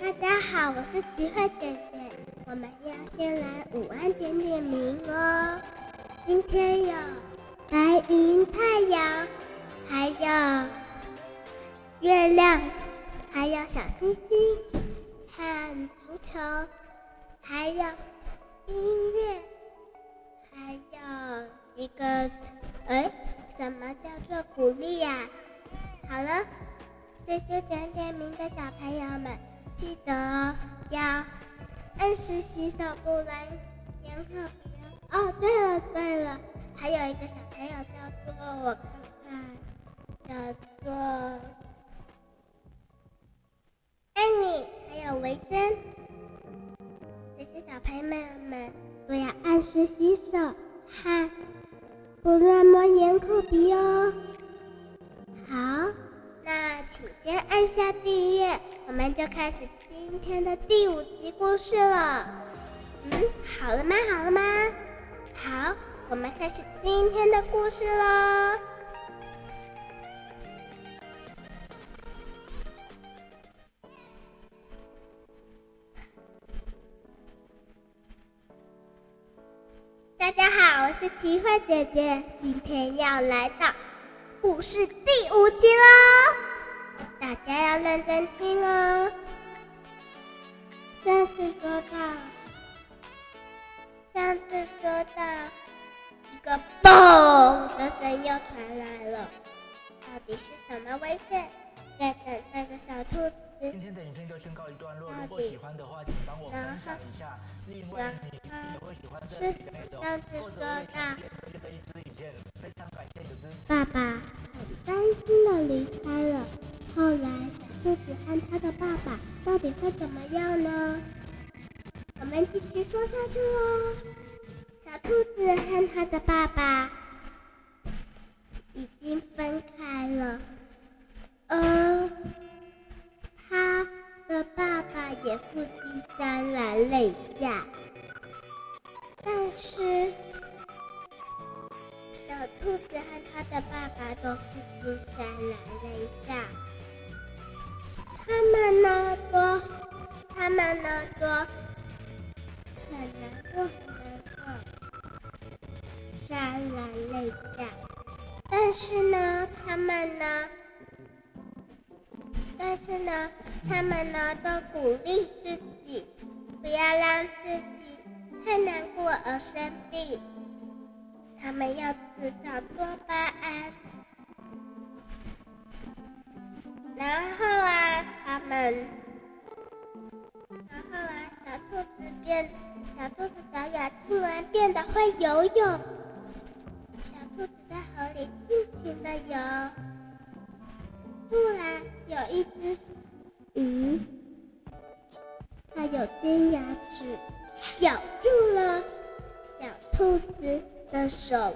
大家好，我是齊慧姐姐。我們要先來午安點點名哦。今天有白雲、太陽，還有月亮，還有小星星，看足球，還有音樂，還有一個，哎，怎麼叫做鼓勵呀、啊？好了，這些點點名的小朋友們。記得、哦、要按時洗手，不亂捏口鼻。哦，對了對了，還有一個小朋友叫做我看看，叫做艾米，還有維珍。這些小朋友們都要按時洗手，哈，不亂摸眼口鼻哦。先按下訂閱，我們就開始今天的第五集故事了。嗯，好了嗎？好了嗎？好，我們開始今天的故事嘍。大家好，我是奇幻姐姐，今天要來到故事第五集嘍。認真聽哦。上次說到上次說到一個“嘣”的聲又傳來了，到底是什麼危險在等待着小兔子？今天的影片就先告一段落，如果喜歡的話，請幫我分享一下。另外，你也會喜歡在裡面的，或兔子和它的爸爸到底會怎麼樣呢？我們繼續說下去哦。小兔子和它的爸爸已經分開了，呃，他的爸爸也不禁潸然淚下，但是小兔子和它的爸爸都不禁潸然淚下。他們呢，都很難過，很難過，潸然淚下。但是呢，他們呢，但是呢，他們呢都鼓勵自己，不要讓自己太難過而生病。他們要製造多巴胺，然後啊，他們。小兔子長牙突然變得會游泳。小兔子在河裡盡情的游。突然有一隻魚，它有尖牙齒，咬住了小兔子的手。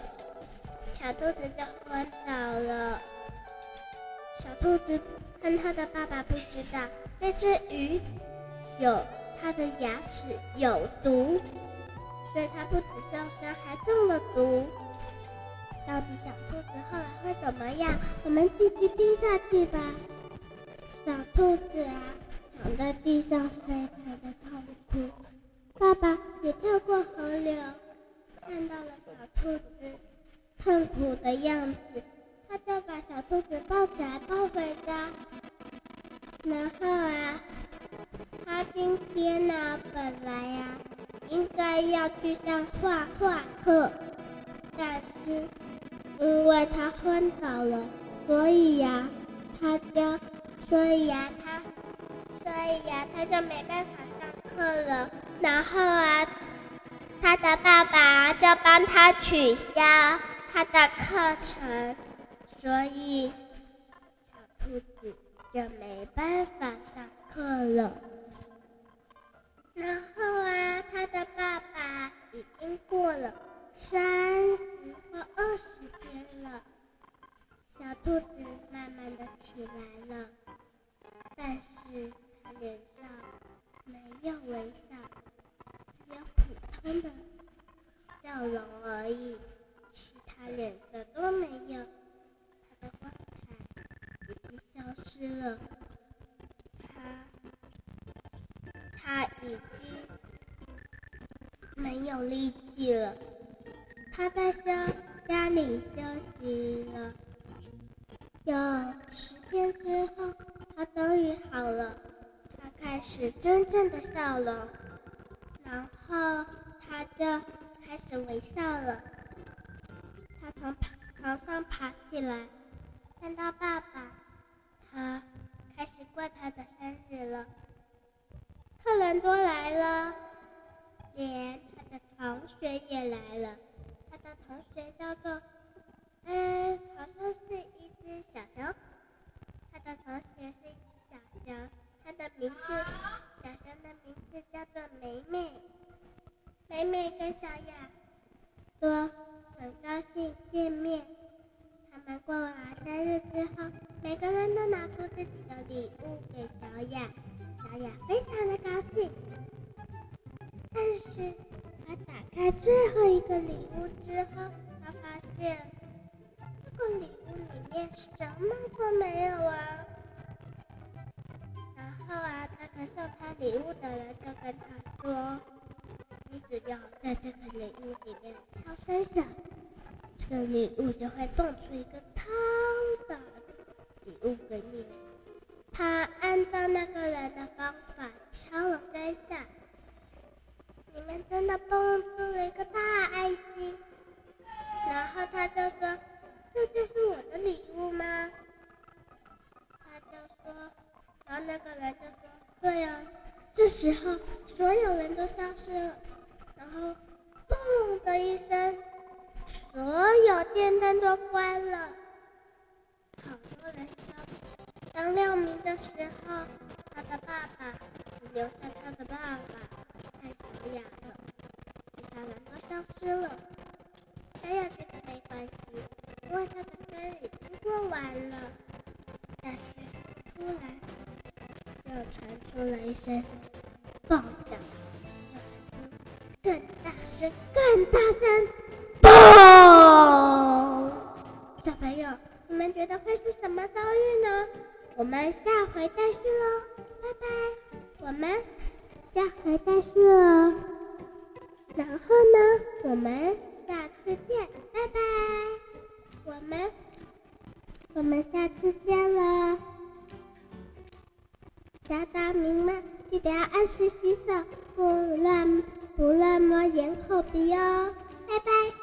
小兔子就昏倒了。小兔子和他的爸爸，不知道這隻魚有。他的牙齒有毒，所以他不止受傷，還中了毒。到底小兔子後來會怎麼樣？我們繼續聽下去吧。小兔子啊，躺在地上非常的痛苦。爸爸也跳過河流，看到了小兔子痛苦的樣子，他就把小兔子抱起來抱回家，然後。天吶，本來呀、啊呀，應該要去上畫畫課，但是因為他昏倒了，所以呀、啊呀，他就，所以呀、啊、呀，他，所以呀、啊、呀，他就沒辦法上課了。然後啊，他的爸爸就幫他取消他的課程，所以小兔子就沒辦法上課了。然後啊，他的爸爸已經過了三十或二十天了，小兔子慢慢的起來了，但是他臉上沒有微笑，只有普通的笑容而已，其他臉色都沒有，他的光彩已經消失了。他已經沒有力氣了，他在家，家裡休息了。有十天之後，他終於好了，他開始真正的笑了，然後他就開始微笑了。他從床上爬起來，看到爸爸，他開始過他的生日了。客人都來了，連他的同學也來了。他的同學叫做，嗯、哎，好像是一隻小熊。他的同學是一隻小熊，他的名字，小熊的名字叫做美美。美美跟小雅說，說很高興見面。他們過完生日之後，每個人都拿出自己的禮物給小雅。小雅非常的。什麼都沒有啊！然後啊，那個送他禮物的人就跟他說：“ 你只要在這個禮物裡面敲三下，這個禮物就會蹦出一個超大的禮物給你。”他按照那個人的方法敲了三下，你們真的蹦出了一個？時候，所有人都消失了，然後，嘣的一聲，所有電燈都關了，好多人消失。當亮明的時候，他的爸爸只留下他的爸爸太小雅了，其他人都消失了。哎呀，這個沒關係，因為他的生日已經過完了。但是突然又傳出了一聲。放下更大聲，更大聲！砰！小朋友，你們覺得會是什麼遭遇呢？我們下回再續嘍，拜拜！我們下回再續哦。然後呢？我們下次見，拜拜！我們我們下次見了，小島民們。記得要按時洗手，不亂不亂摸眼口鼻哦，拜拜。